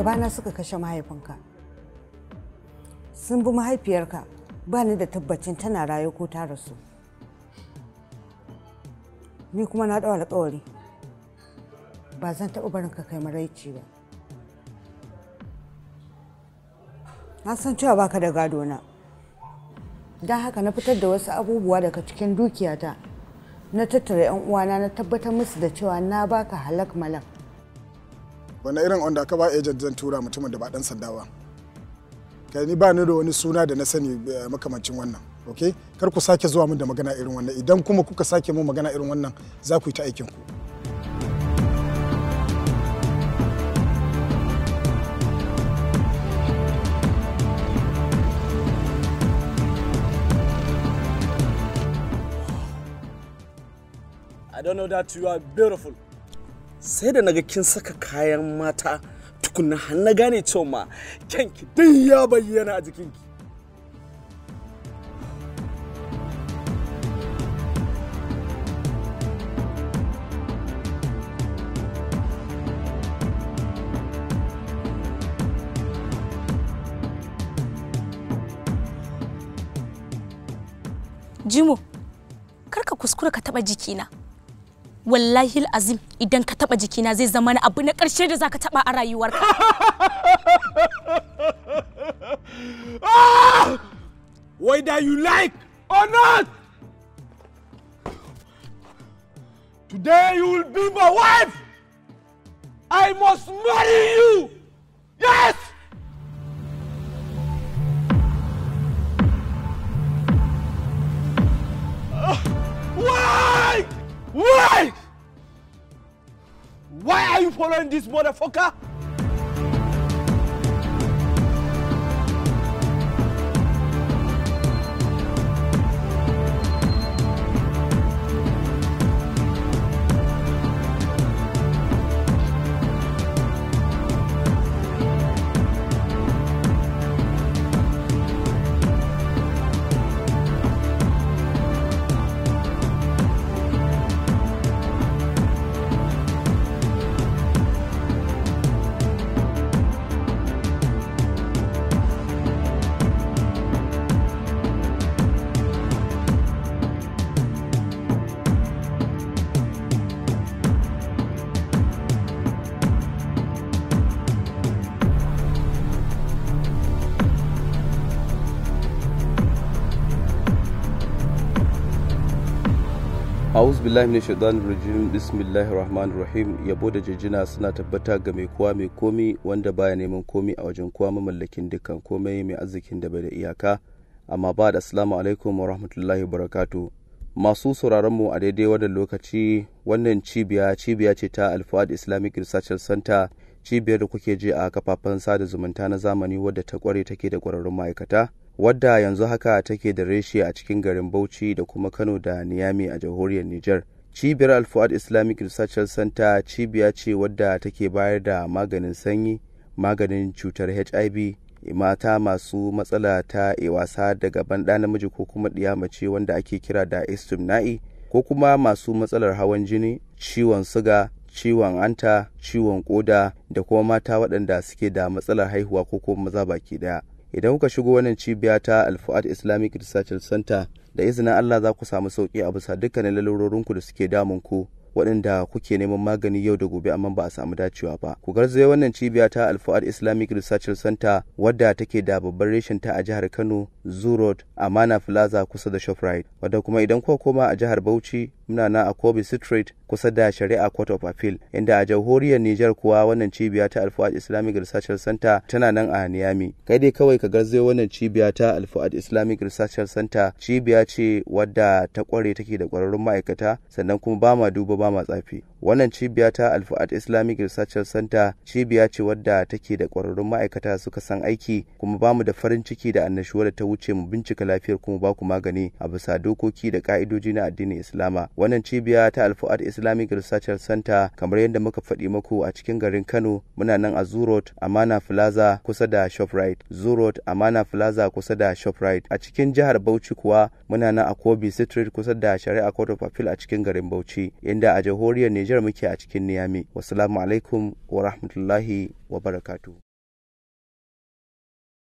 gabana suka kashe mahaifinka sun bi mahaifiyarka ba ni da tabbacin tana rayu ko ta rasu ni kuma na ɗau alƙawari ba zan taɓa barin ka kai maraici ba na san cewa baka da gado na don haka na fitar da wasu abubuwa daga cikin dukiyata na tattara 'yan uwana na tabbatar musu da cewa na baka halak malak wani irin kaba agent zan tura mutumin da ba dan sanda ba kai ni ba ni da wani suna da na sani eh, makamancin wannan ok kar ku sake zuwa min da magana irin wannan idan kuma kuka sake min magana irin wannan za ku yi ta aikin ku I don't know that you are beautiful. sai da naga kin saka kayan mata tukunna har na gane cewa ma kyanki duk ya bayyana a jikinki Jimo, kar ka kuskura ka taba jikina. wallahi azim idan ka taba jikina zai zama na abu na karshe da zaka taba a rayuwarka whether you like or not today you will be my wife i must marry you yes following this motherfucker? A'udhu billahi min shaitanir rajim bismillahir rahmanir rahim yabo da jijjina suna tabbata ga mai kowa mai komi wanda baya neman komi a wajen kowa mamallakin dukkan komai mai arzikin da bai da iyaka amma ba da assalamu alaikum wa rahmatullahi barakatu masu sauraron mu a daidai wannan lokaci wannan cibiya cibiya ce ta alfad Islamic Research Center cibiyar da kuke ji a kafafen sada zumunta na zamani wadda ta kware take da kwararrun ma'aikata wadda yanzu haka take da reshe a cikin garin Bauchi da kuma Kano da Niyami a jamhuriyar Nijar. Cibiyar Alfuad Islamic Research Center cibiya ce wadda take bayar da maganin sanyi, maganin cutar HIV, mata masu matsala ta wasa daga banɗa namiji ko kuma ɗiyamace wanda ake kira da istimna'i ko kuma masu matsalar hawan jini, ciwon suga, ciwon anta, ciwon koda da kuma mata waɗanda suke da matsalar haihuwa ko kuma maza baki ɗaya. idan kuka shigo wannan cibiya ta alfuad islamic research center da izinin allah za ku samu sauki a bisa dukkanin lalurorinku da suke damun ku waɗanda kuke neman magani yau da gobe amma ba a samu dacewa ba ku garzaye wannan cibiya ta alfuad islamic research center wadda take da babban reshen ta a jihar kano zoo road amana plaza kusa da shoprite wadda kuma idan kuka koma a jihar bauchi muna na a kobe street kusa da shari'a court of appeal inda a jamhuriyar niger kuwa wannan cibiya ta alfuad islamic research center tana nan a niyami kai dai kawai ka garzo wannan cibiya ta alfuad islamic research center cibiya ce wadda ta kware take da kwararrun ma'aikata sannan kuma ba ma duba ba ma tsafi wannan cibiya ta alfu'ad islamic research center cibiya ce wadda take da ƙwararrun ma'aikata suka san aiki kuma ba mu da farin ciki da annashuwar da ta wuce mu bincika lafiyar kuma ba ku magani a bisa dokoki da ka'idoji na addinin islama wannan cibiya ta alfu'ad islamic research center kamar yadda muka faɗi maku a cikin garin kano muna nan a zurot amana plaza kusa da shoprite zurot amana plaza kusa da shoprite a cikin jihar bauchi kuwa muna nan a kobi street kusa da shari'a court of appeal a cikin garin bauchi inda a jahoriyar niger Nijar muke a cikin Niyami. Wassalamu alaikum wa rahmatullahi wa barakatuhu.